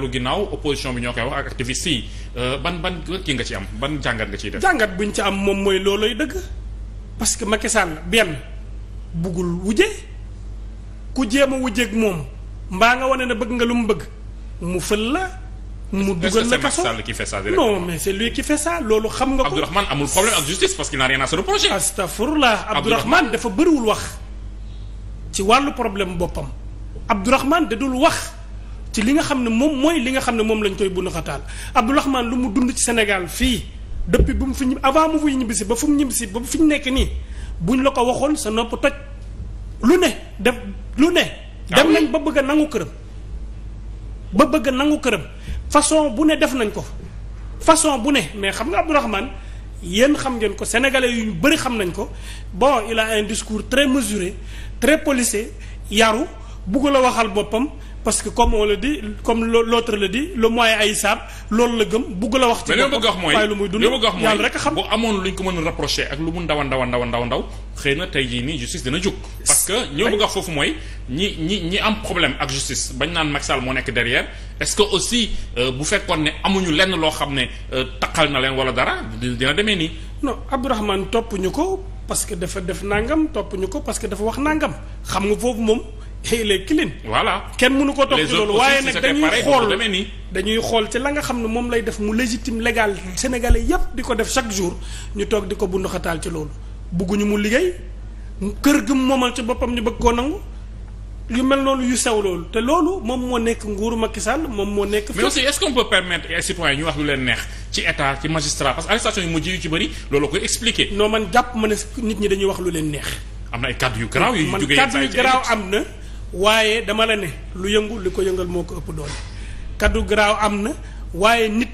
lu ginnaaw opposition bi ñoo koy wax ak activiste euh, ban ban kii nga ci am ban jàngat nga ciy def. jàngat buñ ci am moom mooy loolooy dëgg parce que Macky Sall benn buggul wujje ku jéem a wujjeeg moom mbaa nga wane ne bëgg nga lu mu bëgg mu fël la. mu dugal la kaso non mais c'est lui qui fait ça loolu xam nga ko. Abdourahmane amul problème ak justice parce qu'il n'a rien à se reprocher. astafurlah Abdourahmane dafa bëriwul wax ci wàllu problème boppam Abdourahmane ci li nga xam ne moom mooy li nga xam ne moom lañ koy bundu xataal Abdourahmane lu mu dund ci Sénégal fii depuis bu mu fi avant mu fuy ñibbisi ba fu mu ñibbisi ba fi ñu nekk nii ñu la ko waxoon sa nopp toj lu ne def lu ne ah dem nañ ba bëgg a nangu këram ba bëgg nangu këram façon bu ne def nañ ko façon bu ne mais xam nga Abdourahmane yéen xam ngeen ko sénégalais yu bëri xam nañ ko bon il a un discours très mesuré très policé yaru bugg la waxal boppam parce que comme on le dit comme l'autre le dit le moyen ay saab loolu la gëm bugg la wax. ci boppam waaye lu muy dund yàlla rek a xam bu amoon luñ ko mën a rapproché ak lu mu ndaw ndaw ndaw ndaw xëy na tey jii nii justice dina jóg. parce que ñoo bëgg a wax foofu mooy ñi ñi ñi am problème ak justice bañ naan Macky saal moo nekk derrière est-ce que aussi euh, bu fekkoon ne amuñu lenn loo xam ne euh, taqal na leen wala dara dina demee nii. non Abdourahmane topp ñu ko parce que dafa def nangam topp ñu ko parce que dafa wax nangam xam nga foofu moom. il est clean. voilà kenn mënu ko topp ci loolu waaye nag dañuy xool dañuy xool ci la nga xam ne moom lay def mu légitime légal sénégalais yépp di ko def chaque jour ñu toog di ko bundu xataal ci loolu bugguñu mu liggéey kër gëm mu moomal ci boppam ñu bëgg koo nangu yu mel noonu yu sew te loolu moom moo nekk nguuru Macky Sall moom moo nekk. mais aussi est-ce qu'on peut permettre ay citoyens ñu wax lu leen neex ci état ci magistrat parce que arrestation yu mujj yu ci bëri loolu koy expliquer. non man jàpp ma ne nit ñi dañuy wax lu leen neex. am na ay yu garaaw yu jógee man kàddu yu garaaw am na waaye dama la ne lu yëngu li ko yëngal moo ko ëpp doon kaddu garaaw am na waaye nit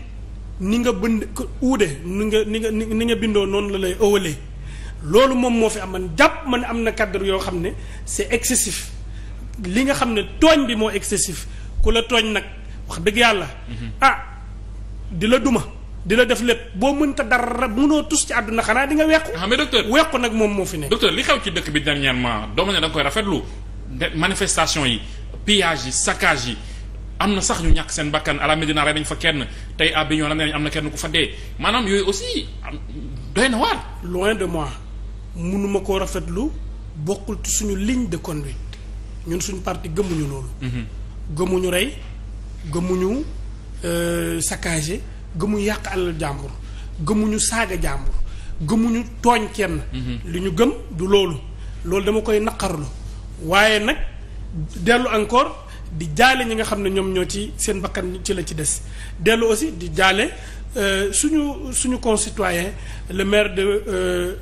ni nga bënd uude ni nga ni nga ni nga bindoo noonu la lay ëwalee loolu moom moo fi am man ma ne am na cadre yoo xam ne c'est excessif li nga xam ne tooñ bi moo excessif ku la tooñ nag wax dëgg yàlla mhm. ah di la duma di la def lépp boo mënta dara mënoo tus ci àdduna xanaa di nga wequ xam ah, ne docteur wequ nag moom moo fi ne docteur li xew ci dëkk bi dernièrement dooma ne da nga koy rafetlu manifestation yi pillage yi saccage yi am na sax ñu ñàkk seen bakkan à la Médina rey nañ fa kenn tey à Bignona nee nañ am na kenn ku fa dee maanaam yooyu aussi doy na waar. loin de moi mënuma koo rafetlu bokkul ci suñu ligne de conduite ñun suñu parti gëmuñu loolu. Mhm. gëmuñu rey gëmuñu euh, saccagé gëmuñu yàq alal jàmbur gëmuñu saaga jàmbur gëmuñu tooñ kenn. Mhm. li ñu gëm du loolu loolu dama koy naqarlu waaye nag dellu encore di jaale ñi nga xam ne ñoom ñoo ci seen bakkan ci la ci des dellu aussi di jaale euh, suñu suñu concitoyen le maire de euh,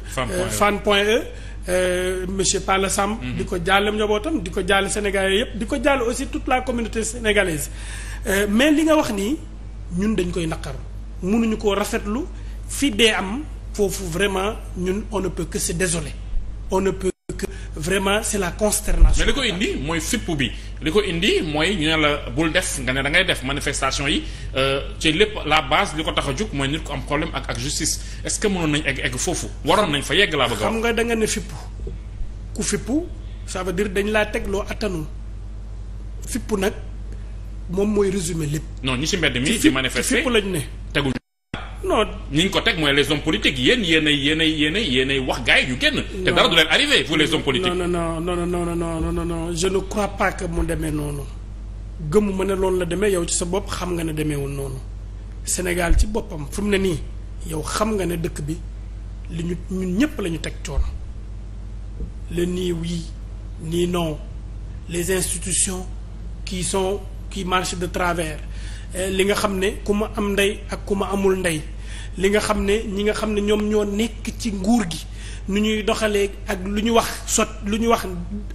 Fann Point E, euh, e monsieur Palla Samb mm-hmm. di ko jaale njabootam di ko jaale sénégalais yëpp di ko jaale aussi toute la communauté sénégalaise mais li nga wax nii ñun dañ koy naqar mënuñu ko rafetlu fi dee am foofu vraiment ñun on ne peut que se désoler on ne vraiment c'est la consternation. mais li ko indi mooy fipp bi li ko indi mooy ñu ne la bul def nga ne da ngay def manifestation yi euh, ci lépp la base li ko tax a jóg mooy nit ko am problème ak ak justice est-ce que mënoon nañ egg egg foofu waroon nañ fa yegg laa bëgg xam nga da nga ne fipp ku fippu ça veut dire dañ laa tegloo loo attanul fippu nag moom mooy résumer lépp. non ñi ci mbedd mi di manifester fippu lañ ne. non ni ñu ko teg mooy les hommes politiques yéen yéenay yéenay yéenay yéenay wax gars yi ñu génn. te dara du leen arrivé vous les hommes politiques. non non non non non non non non je ne crois pas que mu demee noonu gëmuma ne loolu la demee yow ci sa bopp xam nga ne demeewul noonu Sénégal ci boppam fu mu ne nii yow xam nga ne dëkk bi li ñu ñun ñëpp la ñu teg coono le nii oui nii non les institutions qui sont qui marchent de travers eh, li nga xam ne ku ma am ndey ak ku ma amul ndey. li nga xam ne ñi nga xam ne ñoom ñoo nekk ci nguur gi nu ñuy doxalee ak lu ñu wax sot lu ñu wax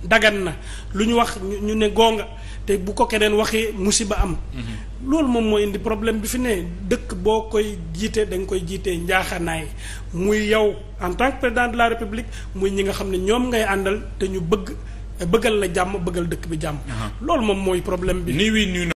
dagan na lu ñu wax ñu ne gonga te bu ko keneen waxee musiba am mm-hmm. loolu moom mooy indi problème bi fi ne dëkk boo koy jiite da nga koy jiitee njaaxanaay muy yow en tant que président de la république muy ñi nga xam ne ñoom ngay àndal te ñu bëgg bëggal la jàmm bëggal dëkk bi jàmm uh-huh. loolu moom mooy problème bi